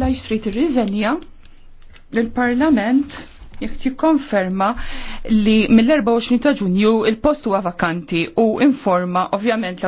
Lajx trid irriżenja l parlament jekk jikkonferma li mill-24 ta' Ġunju il-post huwa vakanti u informa ovvjament